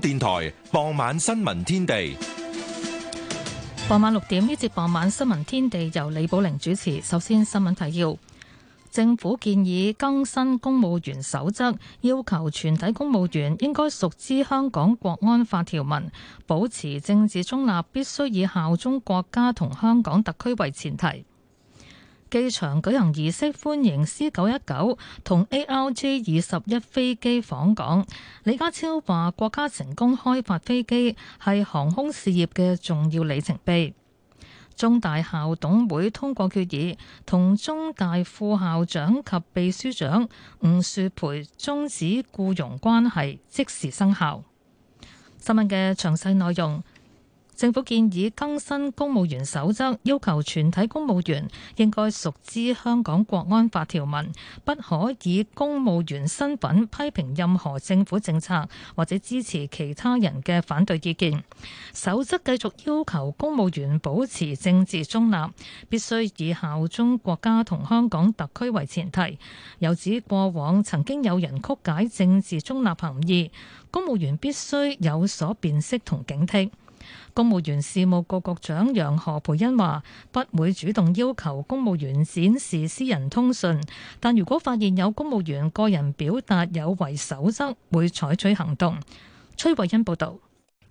電台傍晚新聞天地，傍晚六點呢節傍晚新聞天地由李寶玲主持。首先新聞提要：政府建議更新公務員守則，要求全體公務員應該熟知香港國安法條文，保持政治中立，必須以效忠國家同香港特區為前提。機場舉行儀式歡迎 C 九一九同 ARJ 二十一飛機訪港。李家超話：國家成功開發飛機係航空事業嘅重要里程碑。中大校董會通過決議，同中大副校長及秘書長吳樹培終止僱傭關係，即時生效。新聞嘅詳細內容。政府建議更新公務員守則，要求全體公務員應該熟知香港國安法條文，不可以以公務員身份批評任何政府政策或者支持其他人嘅反對意見。守則繼續要求公務員保持政治中立，必須以效忠國家同香港特區為前提。又指過往曾經有人曲解政治中立含義，公務員必須有所辨識同警惕。公務員事務局局長楊何培恩話，不會主動要求公務員展示私人通訊，但如果發現有公務員個人表達有違守則，會採取行動。崔慧欣報道，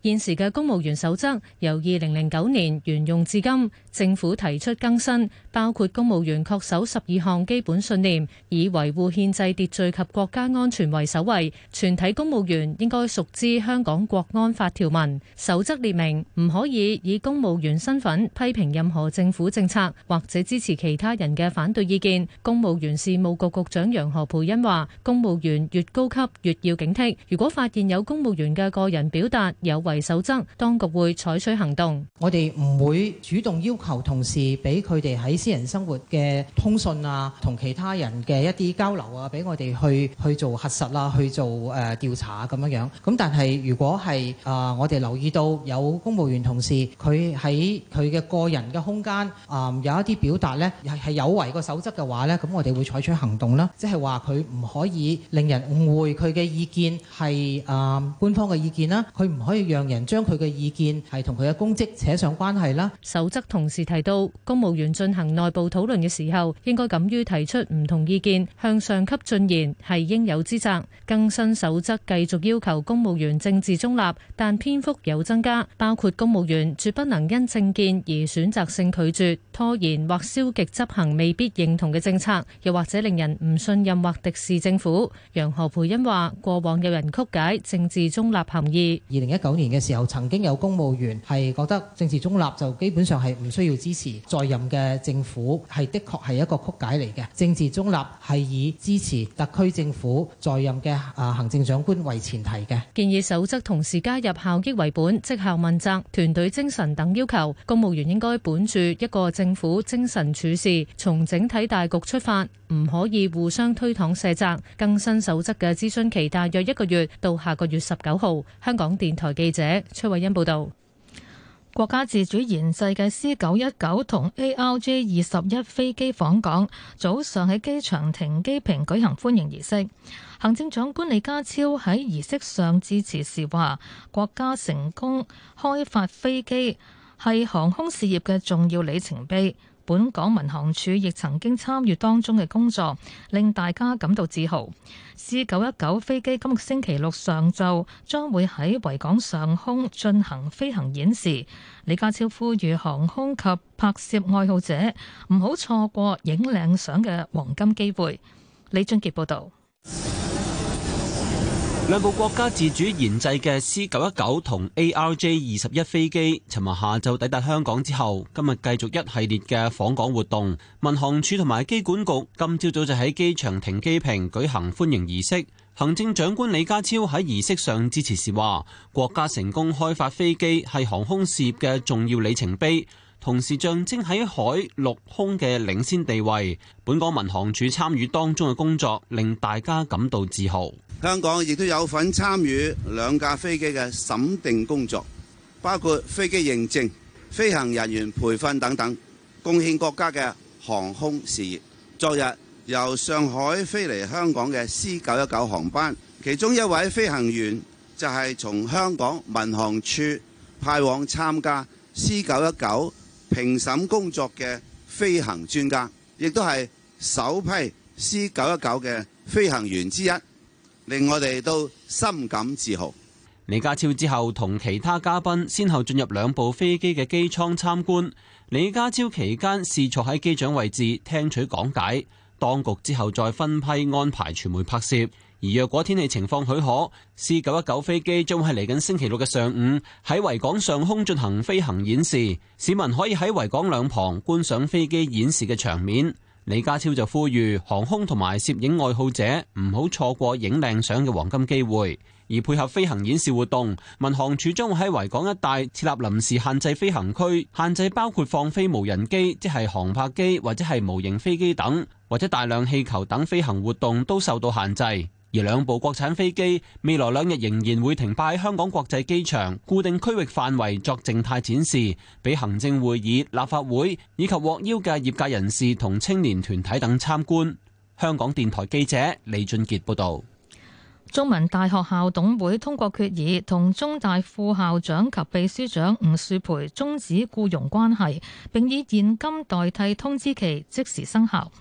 現時嘅公務員守則由二零零九年沿用至今。政府提出更新，包括公務員確守十二項基本信念，以維護憲制秩序及國家安全為首位。全體公務員應該熟知香港國安法條文，守則列明唔可以以公務員身份批評任何政府政策，或者支持其他人嘅反對意見。公務員事務局局長楊何培恩話，公務員越高級越要警惕，如果發現有公務員嘅個人表達有違守則，當局會採取行動，我哋唔會主動要求。求同事俾佢哋喺私人生活嘅通訊啊，同其他人嘅一啲交流啊，俾我哋去去做核實啦、啊，去做誒調、呃、查咁、啊、樣樣，咁但係如果係啊、呃，我哋留意到有公務員同事佢喺佢嘅個人嘅空間啊、呃，有一啲表達咧係係有違個守則嘅話咧，咁我哋會採取行動啦。即係話，佢唔可以令人誤會佢嘅意見係啊、呃、官方嘅意見啦，佢唔可以讓人將佢嘅意見係同佢嘅公職扯上關係啦。守則同。時提到，公務員進行內部討論嘅時候，應該敢於提出唔同意見，向上級進言係應有之責。更新守則繼續要求公務員政治中立，但篇幅有增加，包括公務員絕不能因政見而選擇性拒絕、拖延或消極執行未必認同嘅政策，又或者令人唔信任或敵視政府。楊何蓓茵話：過往有人曲解政治中立含義。二零一九年嘅時候，曾經有公務員係覺得政治中立就基本上係唔需要。要支持在任嘅政府，係的確係一個曲解嚟嘅。政治中立係以支持特區政府在任嘅啊行政長官為前提嘅。建議守則同時加入效益為本、績效問責、團隊精神等要求。公務員應該本住一個政府精神處事，從整體大局出發，唔可以互相推搪卸責。更新守則嘅諮詢期大約一個月，到下個月十九號。香港電台記者崔慧欣報道。國家自主研製嘅 C 九一九同 ARJ 二十一飛機訪港，早上喺機場停機坪舉行歡迎儀式。行政長官李家超喺儀式上致辭時話：國家成功開發飛機係航空事業嘅重要里程碑。本港民航處亦曾經參與當中嘅工作，令大家感到自豪。C 九一九飛機今個星期六上晝將會喺維港上空進行飛行演示。李家超呼籲航空及拍攝愛好者，唔好錯過影靚相嘅黃金機會。李俊傑報導。兩部國家自主研製嘅 C 九一九同 ARJ 二十一飛機，尋日下晝抵達香港之後，今日繼續一系列嘅訪港活動。民航處同埋機管局今朝早就喺機場停機坪舉行歡迎儀式。行政長官李家超喺儀式上致辭時話，國家成功開發飛機係航空事業嘅重要里程碑。同時象徵喺海陸空嘅領先地位，本港民航處參與當中嘅工作，令大家感到自豪。香港亦都有份參與兩架飛機嘅審定工作，包括飛機認證、飛行人員培訓等等，貢獻國家嘅航空事業。昨日由上海飛嚟香港嘅 C 九一九航班，其中一位飛行員就係從香港民航處派往參加 C 九一九評審工作嘅飛行專家，亦都係首批 C 九一九嘅飛行員之一，令我哋都深感自豪。李家超之後同其他嘉賓先後進入兩部飛機嘅機艙參觀。李家超期間試坐喺機長位置聽取講解，當局之後再分批安排傳媒拍攝。而若果天氣情況許可，C 九一九飛機將會喺嚟緊星期六嘅上午喺維港上空進行飛行演示，市民可以喺維港兩旁觀賞飛機演示嘅場面。李家超就呼籲航空同埋攝影愛好者唔好錯過影靚相嘅黃金機會。而配合飛行演示活動，民航處將會喺維港一帶設立臨時限制飛行區，限制包括放飛無人機即係航拍機或者係模型飛機等，或者大量氣球等飛行活動都受到限制。而兩部國產飛機未來兩日仍然會停擺喺香港國際機場固定區域範圍作靜態展示，俾行政會議、立法會以及獲邀嘅業界人士同青年團體等參觀。香港電台記者李俊傑報道。中文大學校董會通過決議，同中大副校長及秘書長吳樹培終止僱傭關係，並以現金代替通知期，即時生效。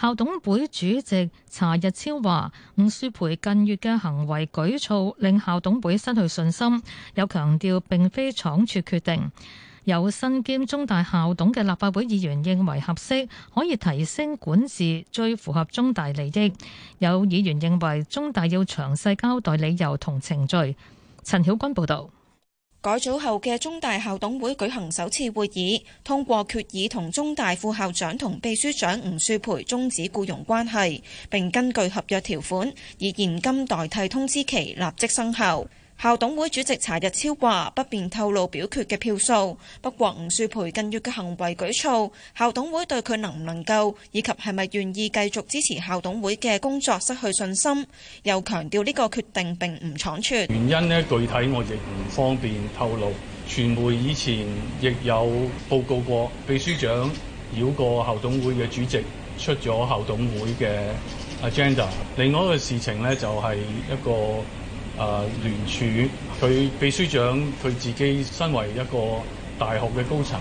校董會主席查日超話：吳舒培近月嘅行為舉措令校董會失去信心，又強調並非倉促決定。有身兼中大校董嘅立法會議員認為合適，可以提升管治，最符合中大利益。有議員認為中大要詳細交代理由同程序。陳曉君報導。改組後嘅中大校董會舉行首次會議，通過決議同中大副校長同秘書長吳樹培終止僱傭關係，並根據合約條款以現金代替通知期立即生效。校董會主席查日超話不便透露表決嘅票數，不過吳樹培近月嘅行為舉措，校董會對佢能唔能夠以及係咪願意繼續支持校董會嘅工作失去信心，又強調呢個決定並唔倉促。原因呢，具體我亦唔方便透露。傳媒以前亦有報告過，秘書長繞過校董會嘅主席出咗校董會嘅 agenda。另外一個事情呢，就係、是、一個。啊！聯署佢秘書長，佢自己身為一個大學嘅高層，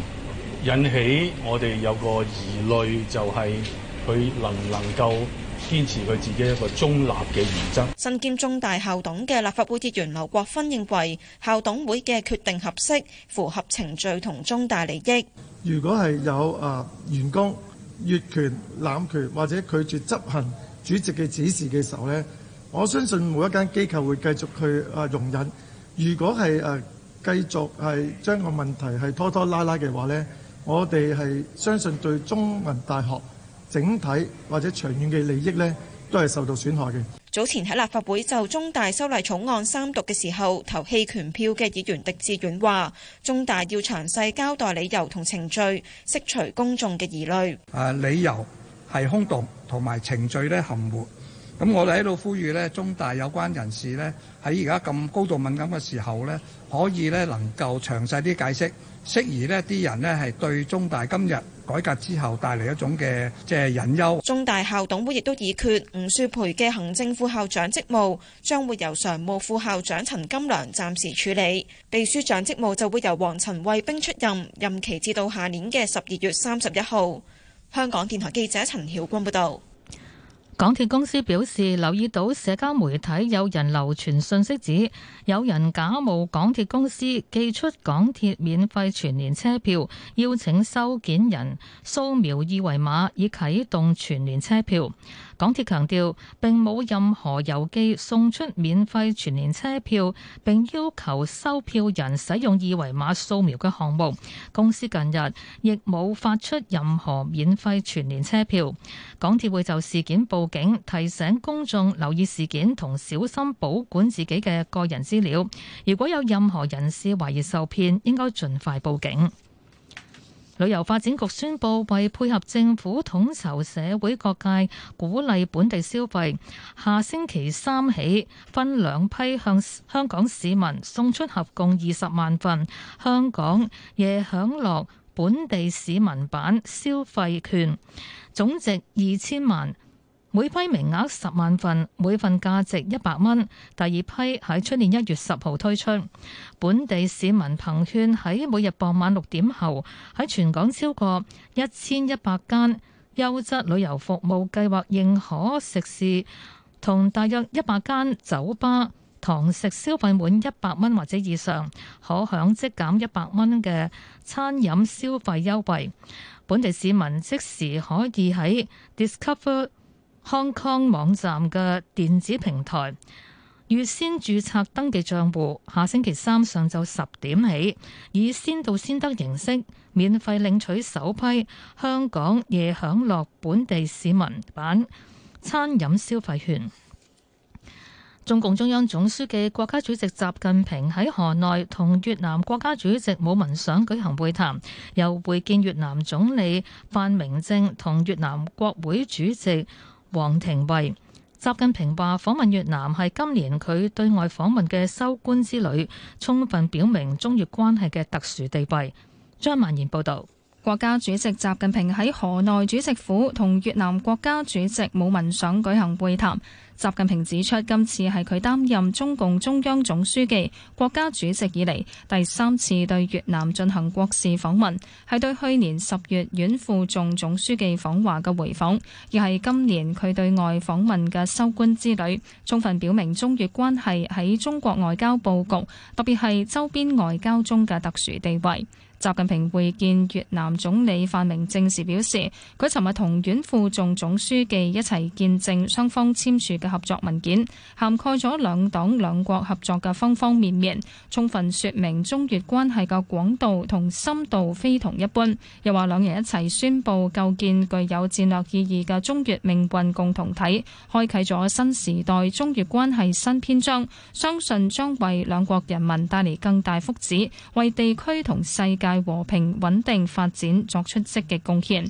引起我哋有個疑慮，就係、是、佢能唔能夠堅持佢自己一個中立嘅原則。身兼中大校董嘅立法會議員劉國勳認為，校董會嘅決定合適，符合程序同中大利益。如果係有啊員工越權、濫權或者拒絕執行主席嘅指示嘅時候呢。我相信每一間機構會繼續去啊容忍。如果係誒繼續係將個問題係拖拖拉拉嘅話咧，我哋係相信對中文大學整體或者長遠嘅利益咧，都係受到損害嘅。早前喺立法會就中大修例草案三讀嘅時候投棄權票嘅議員狄志遠話：中大要詳細交代理由同程序，釋除公眾嘅疑慮。誒，理由係空洞，同埋程序咧含糊。咁我哋喺度呼籲呢，中大有關人士呢，喺而家咁高度敏感嘅時候呢，可以呢能夠詳細啲解釋，適宜呢啲人呢，係對中大今日改革之後帶嚟一種嘅即係隱憂。中大校董會亦都議決，吳樹培嘅行政副校長職務將會由常務副校長陳金良暫時處理，秘書長職務就會由黃陳惠兵出任，任期至到下年嘅十二月三十一號。香港電台記者陳曉君報導。港鐵公司表示，留意到社交媒體有人流傳信息指，指有人假冒港鐵公司寄出港鐵免費全年車票，邀請收件人掃描二維碼以啟動全年車票。港鐵強調並冇任何郵寄送出免費全年車票，並要求收票人使用二維碼掃描嘅項目。公司近日亦冇發出任何免費全年車票。港鐵會就事件報警，提醒公眾留意事件同小心保管自己嘅個人資料。如果有任何人士懷疑受騙，應該盡快報警。旅遊發展局宣布，為配合政府統籌社會各界，鼓勵本地消費，下星期三起，分兩批向香港市民送出合共二十萬份香港夜享樂本地市民版消費券，總值二千萬。每批名額十萬份，每份價值一百蚊。第二批喺出年一月十號推出。本地市民憑券喺每日傍晚六點後喺全港超過一千一百間優質旅遊服務計劃認可食肆同大約一百間酒吧堂食消費滿一百蚊或者以上，可享即減一百蚊嘅餐飲消費優惠。本地市民即時可以喺 Discover 香港網站嘅電子平台預先註冊登記賬戶，下星期三上晝十點起，以先到先得形式免費領取首批香港夜饗樂本地市民版餐飲消費券。中共中央總書記、國家主席習近平喺河內同越南國家主席武文賞舉行會談，又會見越南總理范明政同越南國會主席。王廷衛。習近平話，訪問越南係今年佢對外訪問嘅收官之旅，充分表明中越關係嘅特殊地位。張曼賢報道。國家主席習近平喺河內主席府同越南國家主席武文賞舉行會談。習近平指出，今次係佢擔任中共中央總書記、國家主席以嚟第三次對越南進行國事訪問，係對去年十月阮富仲總書記訪華嘅回訪，亦係今年佢對外訪問嘅收官之旅，充分表明中越關係喺中國外交佈局，特別係周邊外交中嘅特殊地位。習近平會見越南總理范明政時表示，佢尋日同阮富仲總書記一齊見證雙方簽署嘅合作文件，涵蓋咗兩黨兩國合作嘅方方面面，充分說明中越關係嘅廣度同深度非同一般。又話兩人一齊宣布構建具有戰略意義嘅中越命運共同體，開啟咗新時代中越關係新篇章，相信將為兩國人民帶嚟更大福祉，為地區同世界，為和平、穩定發展作出積極貢獻。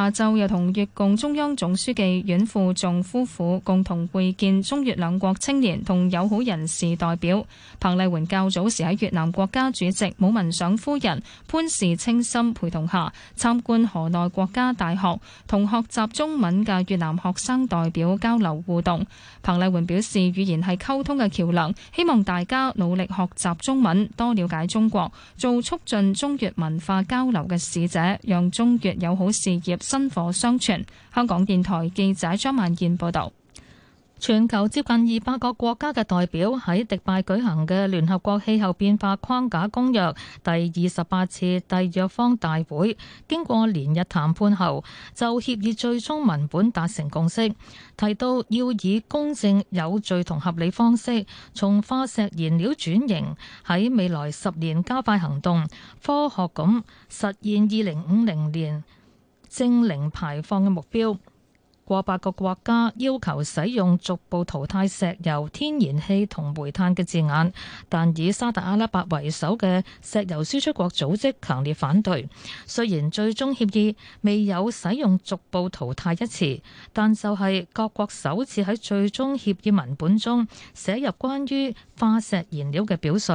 下晝又同越共中央總書記阮富仲夫婦共同會見中越兩國青年同友好人士代表。彭麗媛較早時喺越南國家主席武文賞夫人潘氏清心陪同下，參觀河內國家大學，同學習中文嘅越南學生代表交流互動，彭麗媛表示，語言係溝通嘅橋樑，希望大家努力學習中文，多了解中國，做促進中越文化交流嘅使者，讓中越友好事業，薪火相傳。香港電台記者張萬健報道，全球接近二百個國家嘅代表喺迪拜舉行嘅聯合國氣候變化框架公約第二十八次締約方大會，經過連日談判後，就協議最終文本達成共識，提到要以公正、有序同合理方式，從化石燃料轉型，喺未來十年加快行動，科學咁實現二零五零年淨零排放嘅目標。過百個國家要求使用逐步淘汰石油、天然氣同煤炭嘅字眼，但以沙特阿拉伯為首嘅石油輸出國組織強烈反對。雖然最終協議未有使用逐步淘汰一詞，但就係各國首次喺最終協議文本中寫入關於化石燃料嘅表述。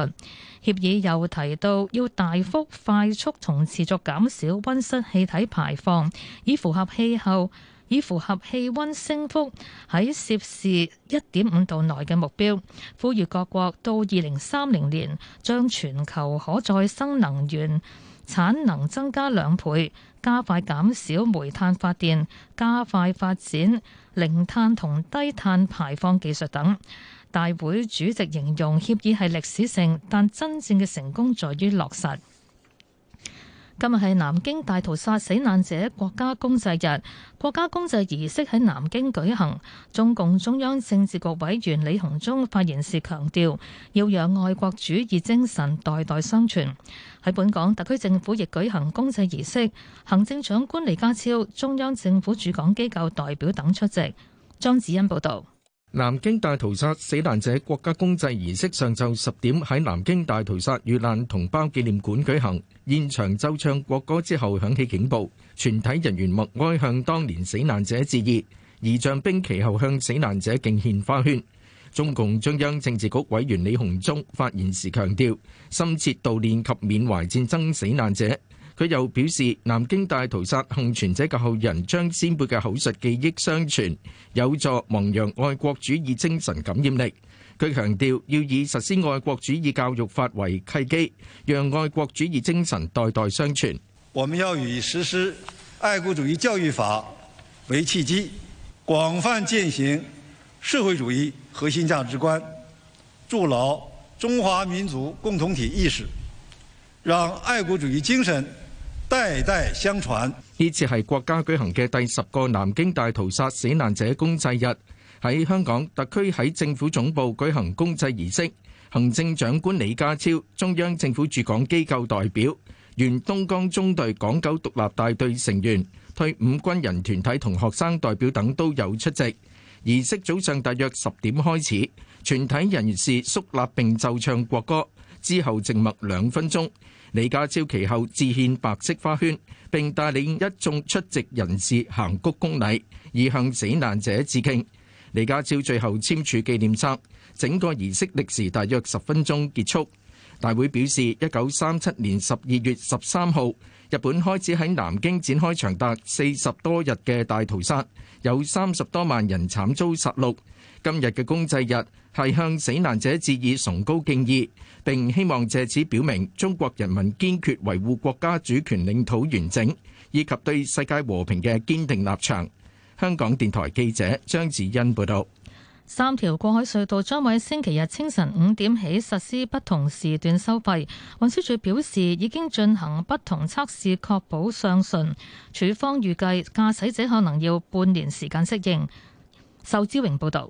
協議又提到要大幅、快速同持續減少溫室氣體排放，以符合氣候。以符合氣溫升幅喺攝氏一點五度內嘅目標，呼籲各國到二零三零年將全球可再生能源產能增加兩倍，加快減少煤炭發電，加快發展零碳同低碳排放技術等。大會主席形容協議係歷史性，但真正嘅成功在於落實。今日係南京大屠殺死難者國家公祭日，國家公祭儀式喺南京舉行。中共中央政治局委員李鴻忠發言時強調，要讓愛國主義精神代代相傳。喺本港，特區政府亦舉行公祭儀式，行政長官李家超、中央政府駐港機構代表等出席。張子欣報導。南京大屠殺死難者國家公祭儀式上晝十點喺南京大屠殺遇難同胞紀念館舉行，現場奏唱國歌之後響起警報，全體人員默哀向當年死難者致意，儀仗兵其後向死難者敬獻花圈。中共中央政治局委員李鴻忠發言時強調，深切悼念及緬懷戰爭死難者。佢又表示，南京大屠殺幸存者嘅後人將先輩嘅口述記憶相傳，有助弘揚愛國主義精神感染力。佢強調要以實施《愛國主義教育法》為契機，讓愛國主義精神代代相傳。我們要以實施《愛國主義教育法》為契機，廣泛踐行社會主義核心價值觀，築牢中華民族共同體意識，讓愛國主義精神。代代相傳。呢次係國家舉行嘅第十個南京大屠殺死難者公祭日，喺香港特區喺政府總部舉行公祭儀式。行政長官李家超、中央政府駐港機構代表、原東江中隊港九獨立大隊成員、退伍軍人團體同學生代表等都有出席。儀式早上大約十點開始，全體人士肅立並奏唱國歌，之後靜默兩分鐘。李家超其後致獻白色花圈，並帶領一眾出席人士行鞠躬禮，以向死難者致敬。李家超最後簽署紀念冊，整個儀式歷時大約十分鐘結束。大會表示，一九三七年十二月十三號，日本開始喺南京展開長達四十多日嘅大屠殺，有三十多萬人慘遭殺戮。今日嘅公祭日係向死難者致以崇高敬意，並希望借此表明中國人民堅決維護國家主權領土完整以及對世界和平嘅堅定立場。香港電台記者張子欣報道。三條過海隧道將會星期日清晨五點起實施不同時段收費。運輸署表示已經進行不同測試，確保上順。署方預計駕駛者可能要半年時間適應。仇志榮報道。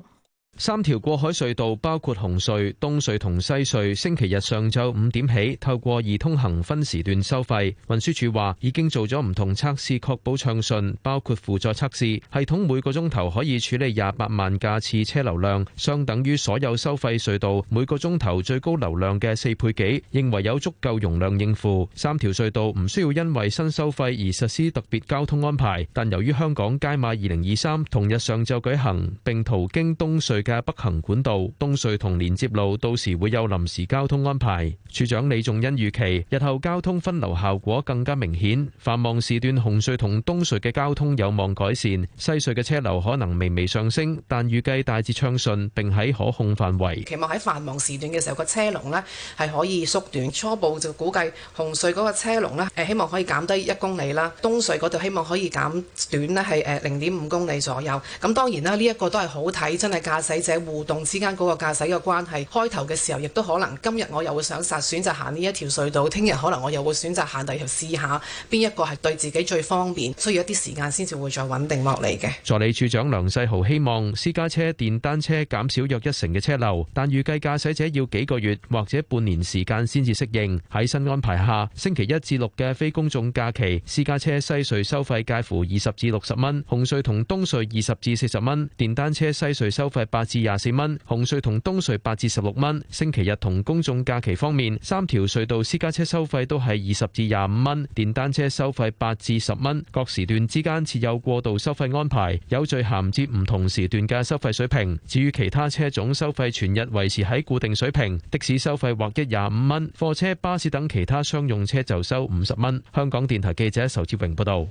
三條過海隧道包括紅隧、東隧同西隧，星期日上晝五點起透過二通行分時段收費。運輸署話已經做咗唔同測試，確保暢順，包括輔助測試系統，每個鐘頭可以處理廿八萬架次車流量，相等於所有收費隧道每個鐘頭最高流量嘅四倍幾，認為有足夠容量應付。三條隧道唔需要因為新收費而實施特別交通安排。但由於香港街馬二零二三同日上晝舉行，並途經東隧，嘅北行管道、東隧同連接路，到時會有臨時交通安排。處長李仲恩預期，日後交通分流效果更加明顯，繁忙時段紅隧同東隧嘅交通有望改善，西隧嘅車流可能微微上升，但預計大致暢順，並喺可控範圍。期望喺繁忙時段嘅時候，個車龍咧係可以縮短。初步就估計紅隧嗰個車龍咧，誒，希望可以減低一公里啦，東隧嗰度希望可以減短咧係誒零點五公里左右。咁當然啦，呢一個都係好睇，真係駕駛。記者互動之間嗰個駕駛嘅關係，開頭嘅時候亦都可能，今日我又會想殺選選擇行呢一條隧道，聽日可能我又會選擇行第二條試下，邊一個係對自己最方便，需要一啲時間先至會再穩定落嚟嘅。助理處長梁世豪希望私家車、電單車減少約一成嘅車流，但預計駕駛者要幾個月或者半年時間先至適應。喺新安排下，星期一至六嘅非公眾假期，私家車西隧收費介乎二十至六十蚊，紅隧同東隧二十至四十蚊，電單車西隧收費八。至廿四蚊，紅隧同東隧八至十六蚊。星期日同公眾假期方面，三條隧道私家車收費都係二十至廿五蚊，電單車收費八至十蚊。各時段之間設有過渡收費安排，有序銜接唔同時段嘅收費水平。至於其他車種收費，全日維持喺固定水平。的士收費劃一廿五蚊，貨車、巴士等其他商用車就收五十蚊。香港電台記者仇志榮報道。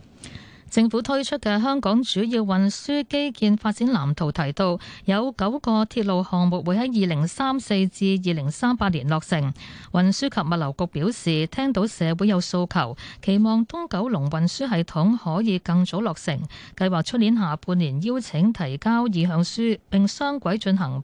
政府推出嘅香港主要運輸基建發展藍圖提到，有九個鐵路項目會喺二零三四至二零三八年落成。運輸及物流局表示，聽到社會有訴求，期望東九龍運輸系統可以更早落成，計劃出年下半年邀請提交意向書，並雙軌進行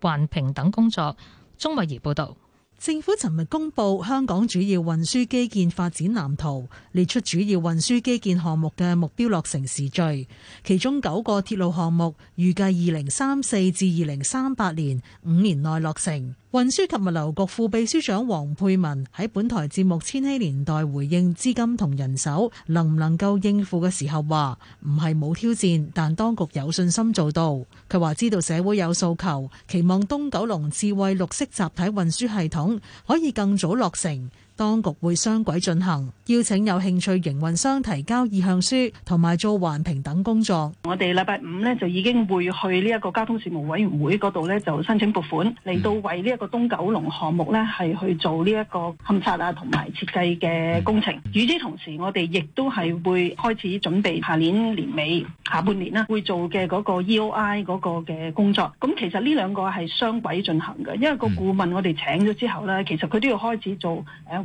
環評等工作。鍾慧儀報道。政府尋日公布香港主要運輸基建發展藍圖，列出主要運輸基建項目嘅目標落成時序，其中九個鐵路項目預計二零三四至二零三八年五年內落成。運輸及物流局副秘書長黃佩文喺本台節目《千禧年代》回應資金同人手能唔能夠應付嘅時候話，唔係冇挑戰，但當局有信心做到。佢話知道社會有訴求，期望東九龍智慧綠色集體運輸系統可以更早落成。當局會雙軌進行，邀請有興趣營運商提交意向書同埋做環評等工作。我哋禮拜五呢，就已經會去呢一個交通事務委員會嗰度呢，就申請撥款嚟到為呢一個東九龍項目呢，係去做呢一個勘察啊同埋設計嘅工程。與之同時，我哋亦都係會開始準備下年年尾下半年啦，會做嘅嗰個 EOI 嗰個嘅工作。咁其實呢兩個係雙軌進行嘅，因為個顧問我哋請咗之後呢，其實佢都要開始做誒。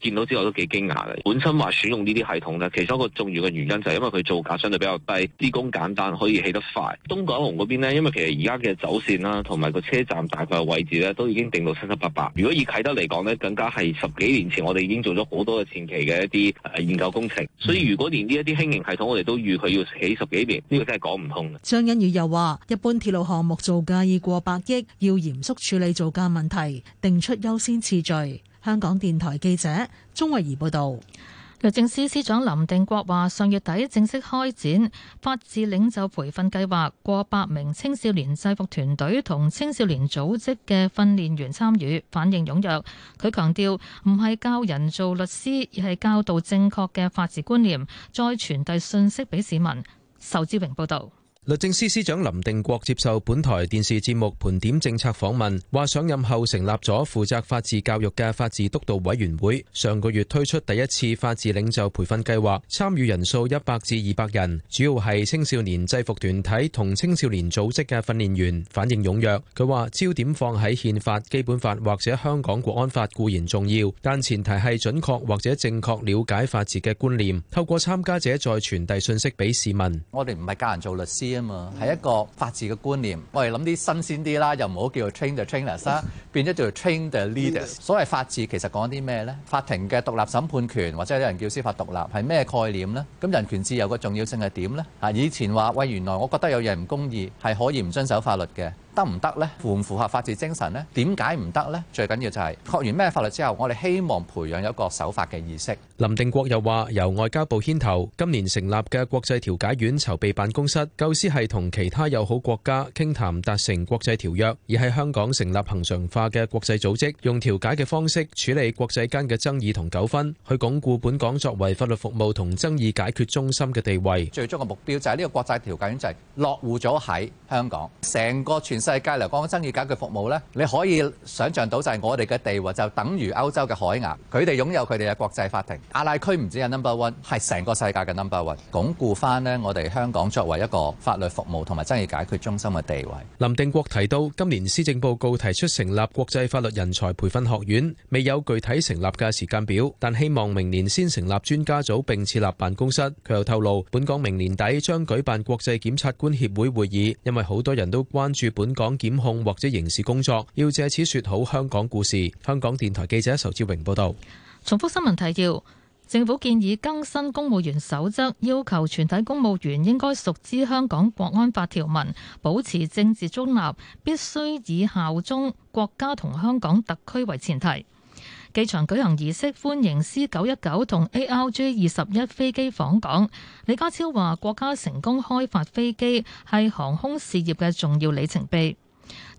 見到之後都幾驚訝嘅，本身話選用呢啲系統咧，其中一個重要嘅原因就係因為佢造價相對比較低，施工簡單，可以起得快。東港龍嗰邊咧，因為其實而家嘅走線啦、啊，同埋個車站大概位置咧，都已經定到七七八八。如果以啟德嚟講呢，更加係十幾年前我哋已經做咗好多嘅前期嘅一啲研究工程，所以如果連呢一啲輕型系統我哋都預佢要起十幾年，呢、呢個真係講唔通嘅。張欣宇又話：一般鐵路項目造價已過百億，要嚴肅處理造價問題，定出優先次序。香港電台記者鍾慧怡報道，律政司司長林定國話：上月底正式開展法治領袖培訓計劃，過百名青少年制服團隊同青少年組織嘅訓練員參與，反應踴躍。佢強調唔係教人做律師，而係教導正確嘅法治觀念，再傳遞信息俾市民。仇志榮報道。律政司司長林定國接受本台電視節目盤點政策訪問，話上任後成立咗負責法治教育嘅法治督導委員會，上個月推出第一次法治領袖培訓計劃，參與人數一百至二百人，主要係青少年制服團體同青少年組織嘅訓練員，反應踊躍。佢話焦點放喺憲法、基本法或者香港國安法固然重要，但前提係準確或者正確了解法治嘅觀念，透過參加者再傳遞信息俾市民。我哋唔係教人做律師。啊係一個法治嘅觀念。我哋諗啲新鮮啲啦，又唔好叫做 train the trainers，變咗做 train the leaders。 所謂法治其實講啲咩呢？法庭嘅獨立審判權，或者有啲人叫司法獨立，係咩概念呢？咁人權自由嘅重要性係點呢？啊，以前話喂，原來我覺得有嘢唔公義，係可以唔遵守法律嘅。得唔得呢？符唔符合法治精神呢？點解唔得呢？最緊要就係學完咩法律之後，我哋希望培養一個守法嘅意識。林定國又話，由外交部牽頭，今年成立嘅國際調解院籌備辦公室，構思係同其他友好國家傾談達成國際條約，而喺香港成立恒常化嘅國際組織，用調解嘅方式處理國際間嘅爭議同糾紛，去鞏固本港作為法律服務同爭議解決中心嘅地位。最終嘅目標就係呢個國際調解院就係落戶咗喺香港，成個全。世界嚟講爭議解決服務呢，你可以想像到就係我哋嘅地位就等於歐洲嘅海牙，佢哋擁有佢哋嘅國際法庭。亞太區唔止係 number one，係成個世界嘅 number one，鞏固翻呢我哋香港作為一個法律服務同埋爭議解決中心嘅地位。林定國提到，今年施政報告提出成立國際法律人才培訓學院，未有具體成立嘅時間表，但希望明年先成立專家組並設立辦公室。佢又透露，本港明年底將舉辦國際檢察官協會會議，因為好多人都關注本。港檢控或者刑事工作，要借此說好香港故事。香港電台記者仇志榮報道。重複新聞提要：政府建議更新公務員守則，要求全體公務員應該熟知香港國安法條文，保持政治中立，必須以效忠國家同香港特區為前提。機場舉行儀式歡迎 C 九一九同 ARJ 二十一飛機訪港。李家超話：國家成功開發飛機係航空事業嘅重要里程碑。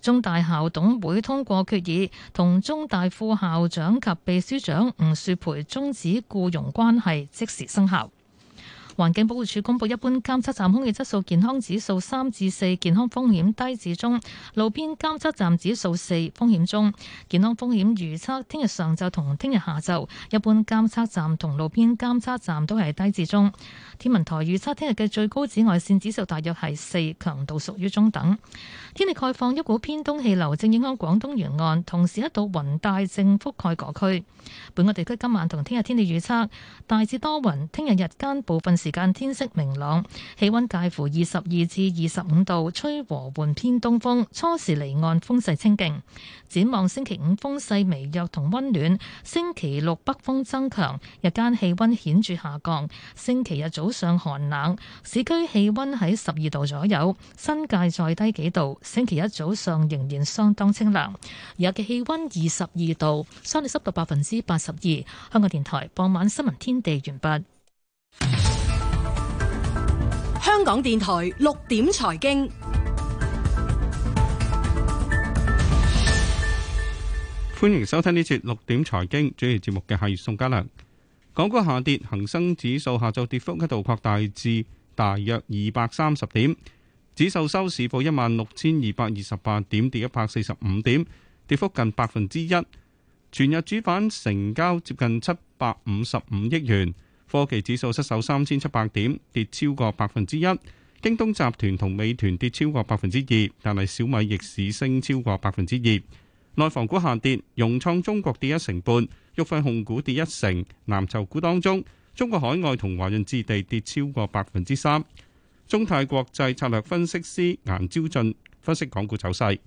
中大校董會通過決議，同中大副校長及秘書長吳雪培終止僱傭關係，即時生效。環境保護署公布一般監測站空氣質素健康指數三至四，健康風險低至中；路邊監測站指數四，風險中。健康風險預測：聽日上晝同聽日下晝，一般監測站同路邊監測站都係低至中。天文台預測聽日嘅最高紫外線指數大約係四，強度屬於中等。天氣概況，一股偏東氣流正影響廣東沿岸，同時一道雲帶正覆蓋各區。本港地區今晚同聽日天氣預測：大致多雲，聽日日間部分時間天色明朗，氣溫介乎二十二至二十五度，吹和緩偏東風，初時離岸風勢清勁。展望星期五風勢微弱同溫暖，星期六北風增強，日間氣溫顯著下降，星期日早上寒冷，市區氣溫喺十二度左右，新界再低幾度。星期一早上仍然相當清涼，而家嘅氣温二十二度，相對濕度百分之八十二。香港電台傍晚新聞天地，完畢。香港電台六點財經，歡迎收聽呢節六點財經主持節目嘅係宋嘉良。港股下跌，恒生指數下晝跌幅一度擴大至大約二百三十點。指數收市報一萬六千二百二十八點，跌一百四十五點，跌幅近百分之一。全日主板成交接近七百五十五億元。科技指數失守三千七百點，跌超過百分之一。京東集團同美團跌超過百分之二，但係小米逆市升超過百分之二。內房股下跌，融創中國跌一成半，旭輝控股跌一成。藍籌股當中，中國海外同華潤置地跌超過百分之三。中泰國際策略分析師顏招駿分析港股走勢。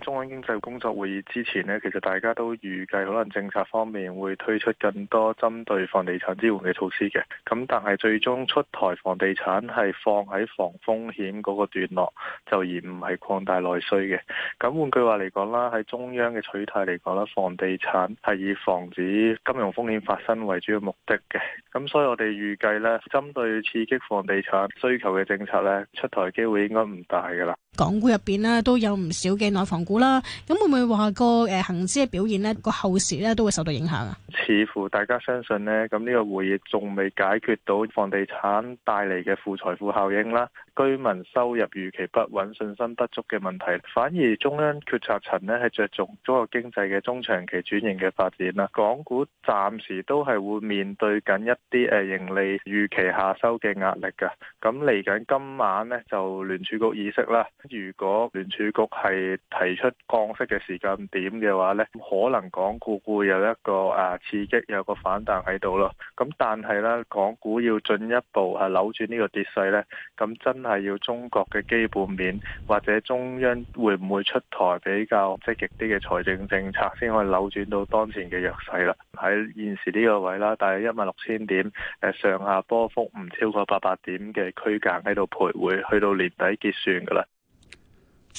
中央經濟工作會議之前呢，其實大家都預計可能政策方面會推出更多針對房地產支援嘅措施嘅。咁但係最終出台房地產係放喺防風險嗰個段落，就而唔係擴大內需嘅。咁換句話嚟講啦，喺中央嘅取態嚟講啦，房地產係以防止金融風險發生為主要目的嘅。咁所以我哋預計呢，針對刺激房地產需求嘅政策呢，出台機會應該唔大㗎啦。港股入邊呢，都有唔少嘅內房股啦，咁會唔會話個誒恒指嘅表現咧個後市咧都會受到影響啊？似乎大家相信咧咁呢個會議仲未解決到房地產帶嚟嘅負財富效應啦，居民收入預期不穩、信心不足嘅問題，反而中央決策層咧係着重中國經濟嘅中長期轉型嘅發展啦。港股暫時都係會面對緊一啲誒盈利預期下收嘅壓力噶，咁嚟緊今晚咧就聯儲局議息啦。如果聯儲局係提出降息嘅時間點嘅話，呢可能港股會有一個誒刺激，有個反彈喺度咯。咁但係呢，港股要進一步係，扭轉呢個跌勢呢，咁真係要中國嘅基本面或者中央會唔會出台比較積極啲嘅財政政策先可以扭轉到當前嘅弱勢啦。喺現時呢個位啦，大約一萬六千點，上下波幅唔超過八百點嘅區間喺度徘徊，去到年底結算噶啦。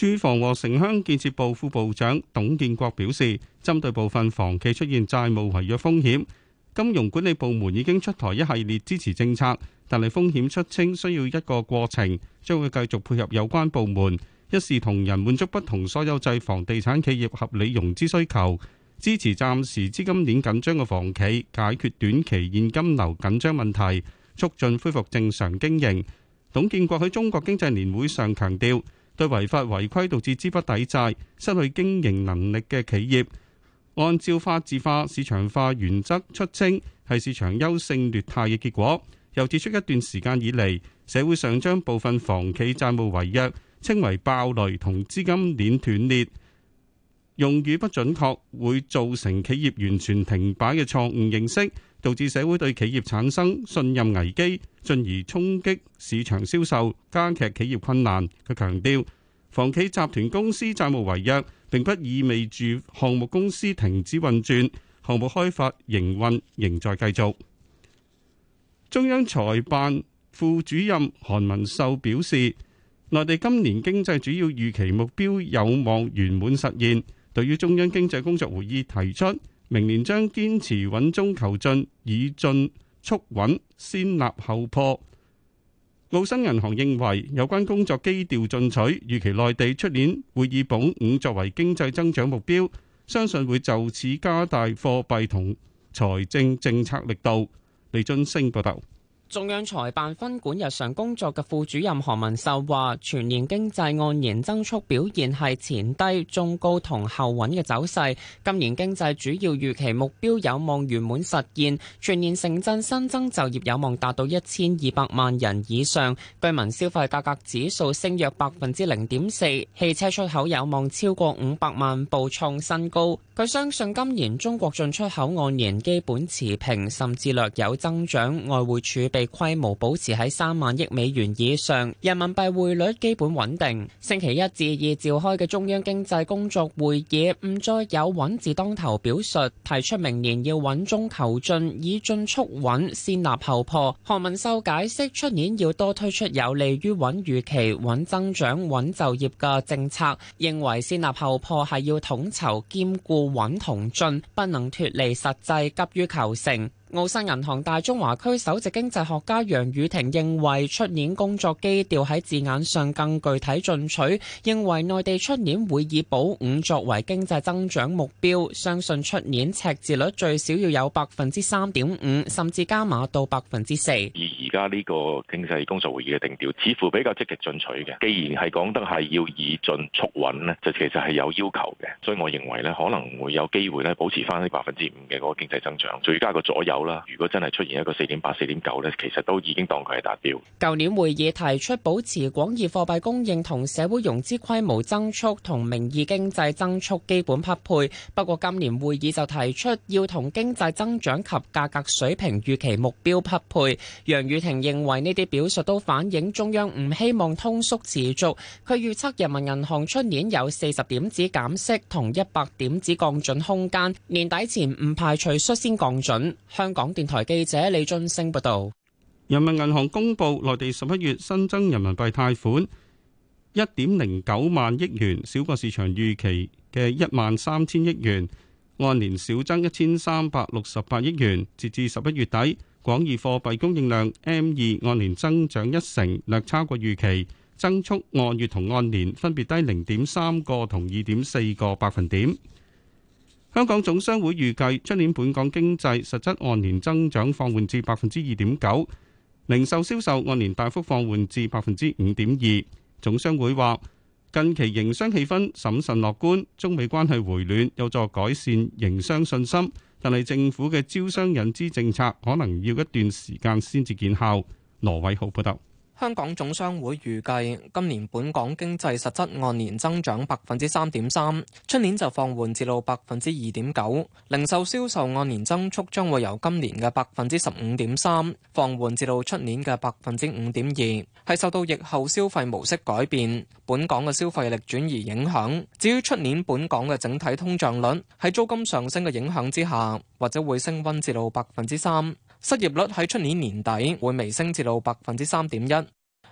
住房和城鄉建設部副部長董建國表示，針對部分房企出現債務違約風險，金融管理部門已經出台一系列支持政策，但係風險出清需要一個過程，將會繼續配合有關部門一視同仁，滿足不同所有制房地產企業合理融資需求，支持暫時資金鏈緊張嘅房企解決短期現金流緊張問題，促進恢復正常經營。董建國喺中國經濟年會上強調。對違法違規導致資不抵債、失去經營能力嘅企業，按照法治化、市場化原則出清，係市場優勝劣汰嘅結果。又指出，一段時間以嚟，社會上將部分房企債務違約稱為爆雷同資金鏈斷裂，用語不準確會造成企業完全停擺嘅錯誤認識，導致社會對企業產生信任危機，進而衝擊市場銷售，加劇企業困難。佢強調，房企集團公司債務違約，並不意味住項目公司停止運轉，項目開發營運仍在繼續。中央財辦副主任韓文秀表示，內地今年經濟主要預期目標有望圓滿實現。對於中央經濟工作會議提出，明年將堅持穩中求進，以進促穩，先立後破。澳新銀行認為，有關工作基調進取，預期內地出年會以保五作為經濟增長目標，相信會就此加大貨幣同財政政策力度。李俊升報道。中央財辦分管日常工作嘅副主任何文秀話：全年經濟按年增速表現係前低中高同後穩嘅走勢。今年經濟主要預期目標有望圓滿實現，全年城鎮新增就業有望達到一千二百萬人以上，居民消費價格指數升約百分之零點四，汽車出口有望超過五百萬部，創新高。佢相信今年中國進出口按年基本持平，甚至略有增長，外匯儲備規模保持喺三萬億美元以上，人民幣匯率基本穩定。星期一至二召開嘅中央經濟工作會議唔再有穩字當頭表述，提出明年要穩中求進，以進促穩，先立後破。韓文秀解釋，出年要多推出有利於穩預期、穩增長、穩就業嘅政策，認為先立後破係要統籌兼顧穩同進，不能脫離實際，急於求成。澳新銀行大中華區首席經濟學家楊宇婷認為，出年工作基調喺字眼上更具體進取，認為內地出年會以保五作為經濟增長目標，相信出年赤字率最少要有百分之三點五，甚至加碼到百分之四。而而家呢個經濟工作會議嘅定調似乎比較積極進取嘅。既然係講得係要以進促穩咧，就其實係有要求嘅，所以我認為咧可能會有機會咧保持翻呢百分之五嘅嗰個經濟增長，最佳個左右。如果真係出現一個四點八、四點九呢，其實都已經當佢係達標。舊年會議提出保持廣義貨幣供應同社會融資規模增速同名義經濟增速基本匹配，不過今年會議就提出要同經濟增長及價格水平預期目標匹配。楊宇婷認為呢啲表述都反映中央唔希望通縮持續。佢預測人民銀行出年有四十點子減息同一百點子降準空間，年底前唔排除率先降準。香香港電台記者李俊升報道：人民銀行公布內地十一月新增人民幣貸款一點零九萬億元，少過市場預期嘅一萬三千億元，按年少增一千三百六十八億元。截至十一月底，廣義貨幣供應量 M2 按年增長一成，略差過預期，增速按月同按年分別低零點三個同二點四個百分點。香港總商會預計，出年本港經濟實質按年增長放緩至百分之二點九，零售銷售按年大幅放緩至百分之五點二。總商會話，近期營商氣氛審慎樂觀，中美關係回暖有助改善營商信心，但係政府嘅招商引資政策可能要一段時間先至見效。羅偉豪報道。香港總商會預計今年本港經濟實質按年增長百分之三點三，出年就放緩至到百分之二點九。零售銷售按年增速將會由今年嘅百分之十五點三放緩至到出年嘅百分之五點二，係受到疫後消費模式改變、本港嘅消費力轉移影響。至於出年本港嘅整體通脹率喺租金上升嘅影響之下，或者會升溫至到百分之三。失業率喺出年年底會微升至到百分之三點一。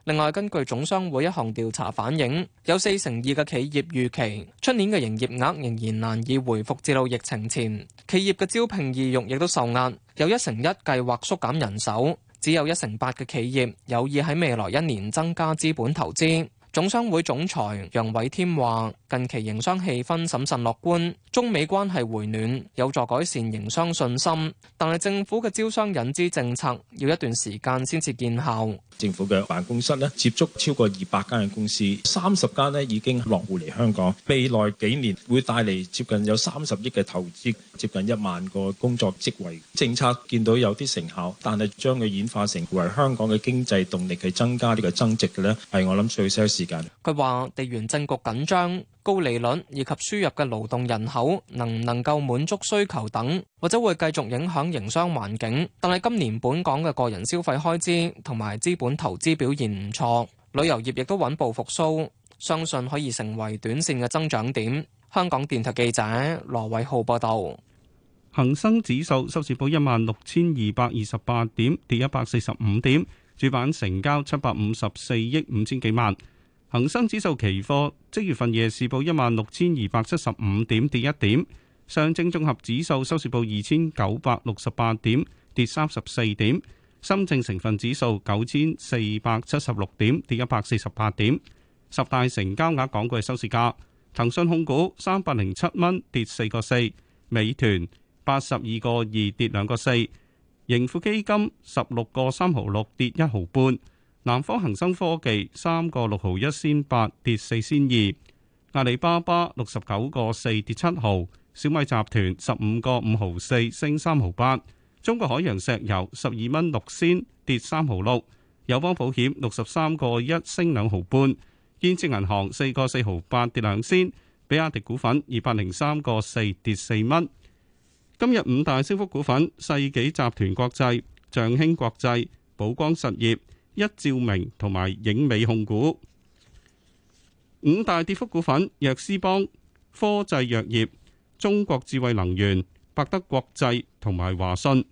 另外，根據總商會一項調查反映，有四成二嘅企業預期出年嘅營業額仍然難以回復至到疫情前。企業嘅招聘意欲亦都受壓，有一成一計劃縮減人手，只有一成八嘅企業有意喺未來一年增加資本投資。總商會總裁楊偉添話。近期營商氣氛審慎樂觀，中美關係回暖有助改善營商信心，但係政府嘅招商引資政策要一段時間先至見效。政府嘅辦公室咧接觸超過二百間嘅公司，三十間咧已經落戶嚟香港，未來幾年會帶嚟接近有三十億嘅投資，接近一萬個工作職位。政策見到有啲成效，但係將佢演化成為香港嘅經濟動力，去增加呢個增值嘅呢係我諗最需要時間。佢話地緣政局緊張。高利率以及輸入嘅勞動人口能唔能夠滿足需求等，或者會繼續影響營商環境。但係今年本港嘅個人消費開支同埋資本投資表現唔錯，旅遊業亦都穩步復蘇，相信可以成為短線嘅增長點。香港電台記者羅偉浩報道。恒生指數收市報一萬六千二百二十八點，跌一百四十五點。主板成交七百五十四億五千幾萬。恒生指數期貨即月份夜市報一萬六千二百七十五點，跌一點。上證綜合指數收市報二千九百六十八點，跌三十四點。深證成分指數九千四百七十六點，跌一百四十八點。十大成交額港股嘅收市價：騰訊控股三百零七蚊，跌四個四；美團八十二個二，跌兩個四；盈富基金十六個三毫六，跌一毫半。南方恒生科技三個六毫一仙八跌四仙二；阿里巴巴六十九個四跌七毫；小米集團十五個五毫四升三毫八；中國海洋石油十二蚊六仙跌三毫六；友邦保險六十三個一升兩毫半；建設銀行四個四毫八跌兩仙；比亞迪股份二百零三個四跌四蚊。今日五大升幅股份：世紀集團國際、象興國際、寶光實業。一照明同埋影美控股，五大跌幅股份：藥師幫、科濟藥業、中國智慧能源、百德國際同埋華信。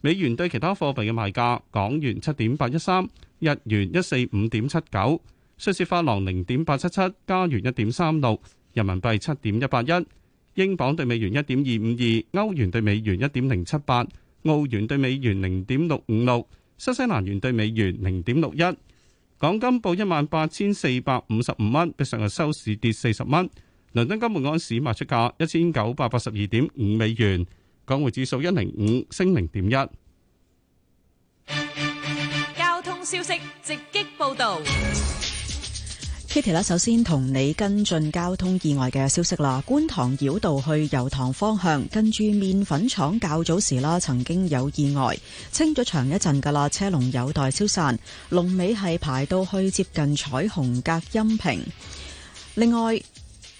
美元對其他貨幣嘅賣價：港元七點八一三，日元一四五點七九，瑞士法郎零點八七七，加元一點三六，人民幣七點一八一，英鎊兌美元一點二五二，歐元兌美元一點零七八，澳元兌美元零點六五六。新西蘭元兌美元零點六一，港金報一萬八千四百五十五蚊，比上日收市跌四十蚊。倫敦金每盎司賣出價一千九百八十二點五美元，港匯指數一零五升零點一。交通消息直擊報道。Kitty 啦，Katie，首先同你跟進交通意外嘅消息啦。觀塘繞道去油塘方向，跟住麵粉廠較早時啦，曾經有意外，清咗場一陣噶啦，車龍有待消散，龍尾係排到去接近彩虹隔音屏。另外，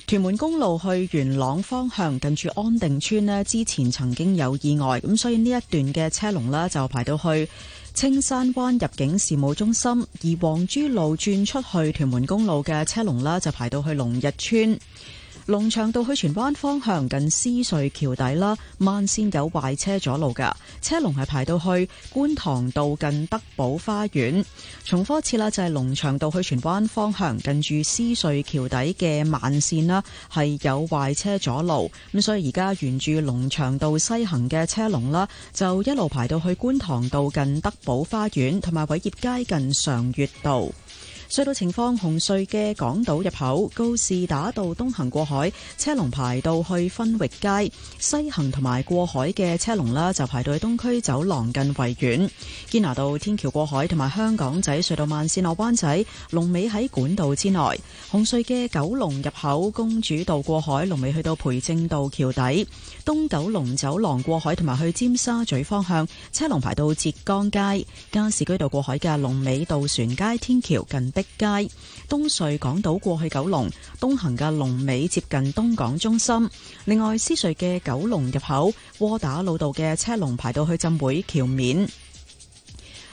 屯門公路去元朗方向，近住安定村呢之前曾經有意外，咁所以呢一段嘅車龍啦就排到去。青山灣入境事務中心，而皇珠路轉出去屯門公路嘅車龍啦，就排到去龍日村。龍翔道去荃灣方向近獅隧橋底啦，慢線有壞車阻路噶，車龍係排到去觀塘道近德寶花園。重複一次啦，就係龍翔道去荃灣方向近住獅隧橋底嘅慢線啦，係有壞車阻路。咁所以而家沿住龍翔道西行嘅車龍啦，就一路排到去觀塘道近德寶花園同埋偉業街近常悅道。隧道情況：紅隧嘅港島入口高士打道東行過海車龍排到去分域街，西行同埋過海嘅車龍啦就排到去東區走廊近維園堅拿道天橋過海同埋香港仔隧道慢線落灣仔龍尾喺管道之內。紅隧嘅九龍入口公主道過海龍尾去到培正道橋底，東九龍走廊過海同埋去尖沙咀方向車龍排到浙江街加士居道過海嘅龍尾渡船街天橋近街東隧港島過去九龍東行嘅龍尾接近東港中心，另外獅隧嘅九龍入口窩打老道嘅車龍排到去浸會橋面。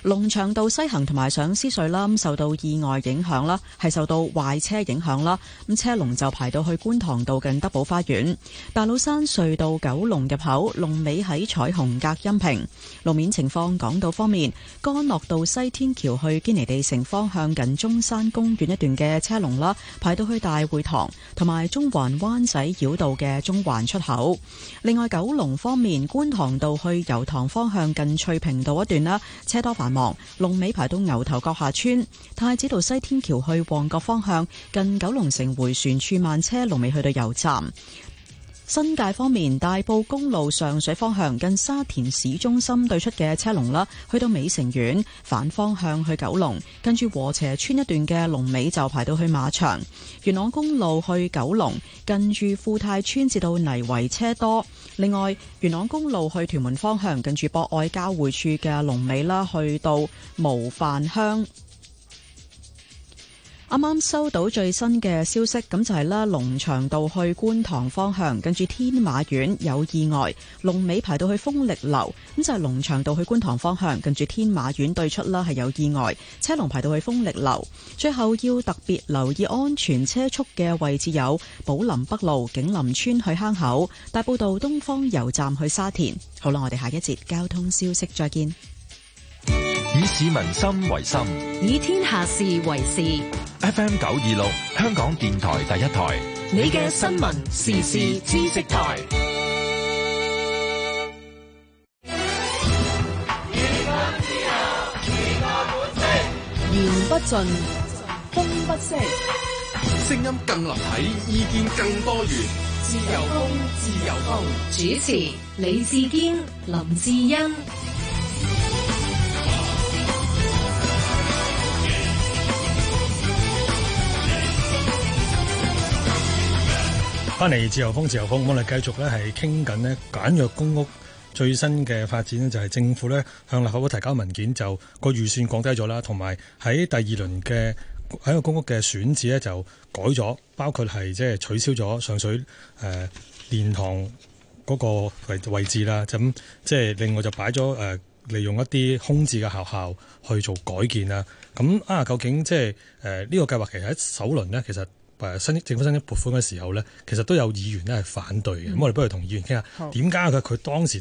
龍翔道西行同埋上獅隧啦，受到意外影響啦，係受到壞車影響啦，咁車龍就排到去觀塘道近德寶花園。大老山隧道九龍入口龍尾喺彩虹隔音屏路面情況。港島方面，干諾道西天橋去堅尼地城方向近中山公園一段嘅車龍啦，排到去大會堂同埋中環灣仔繞道嘅中環出口。另外，九龍方面，觀塘道去油塘方向近翠屏道一段啦，車多望龍尾排到牛頭角下村，太子道西天橋去旺角方向，近九龍城回旋處慢車龍尾去到油站。新界方面，大埔公路上水方向近沙田市中心對出嘅車龍啦，去到美城苑反方向去九龍，跟住和斜村一段嘅龍尾就排到去馬場。元朗公路去九龍，近住富泰村至到泥圍車多。另外，元朗公路去屯門方向，近住博愛交匯處嘅龍尾啦，去到模範鄉。啱啱收到最新嘅消息，咁就係啦，龍翔道去觀塘方向，跟住天馬苑有意外，龍尾排到去豐力樓，咁就係龍翔道去觀塘方向，跟住天馬苑對出啦，係有意外，車龍排到去豐力樓。最後要特別留意安全車速嘅位置有寶林北路、景林村去坑口、大埔道東方油站去沙田。好啦，我哋下一節交通消息再見。以市民心為心，以天下事為事。FM 九二六，香港電台第一台，你嘅新聞時事知識台。言不盡，風不息，聲音更立體，意見更多元。自由風，自由風，主持李志堅、林志恩。翻嚟自由風，自由風，我哋繼續咧係傾緊呢簡約公屋最新嘅發展呢就係、是、政府咧向立法會提交文件，就個預算降低咗啦，同埋喺第二輪嘅喺個公屋嘅選址咧就改咗，包括係即係取消咗上水誒蓮塘嗰個位位置啦，咁即係另外就擺咗誒利用一啲空置嘅學校,校去做改建啊。咁啊，究竟即係誒呢個計劃其實喺首輪呢，其實？誒，新政府申請撥款嘅時候咧，其實都有議員咧係反對嘅，咁、嗯、我哋不如同議員傾下點解佢佢當時。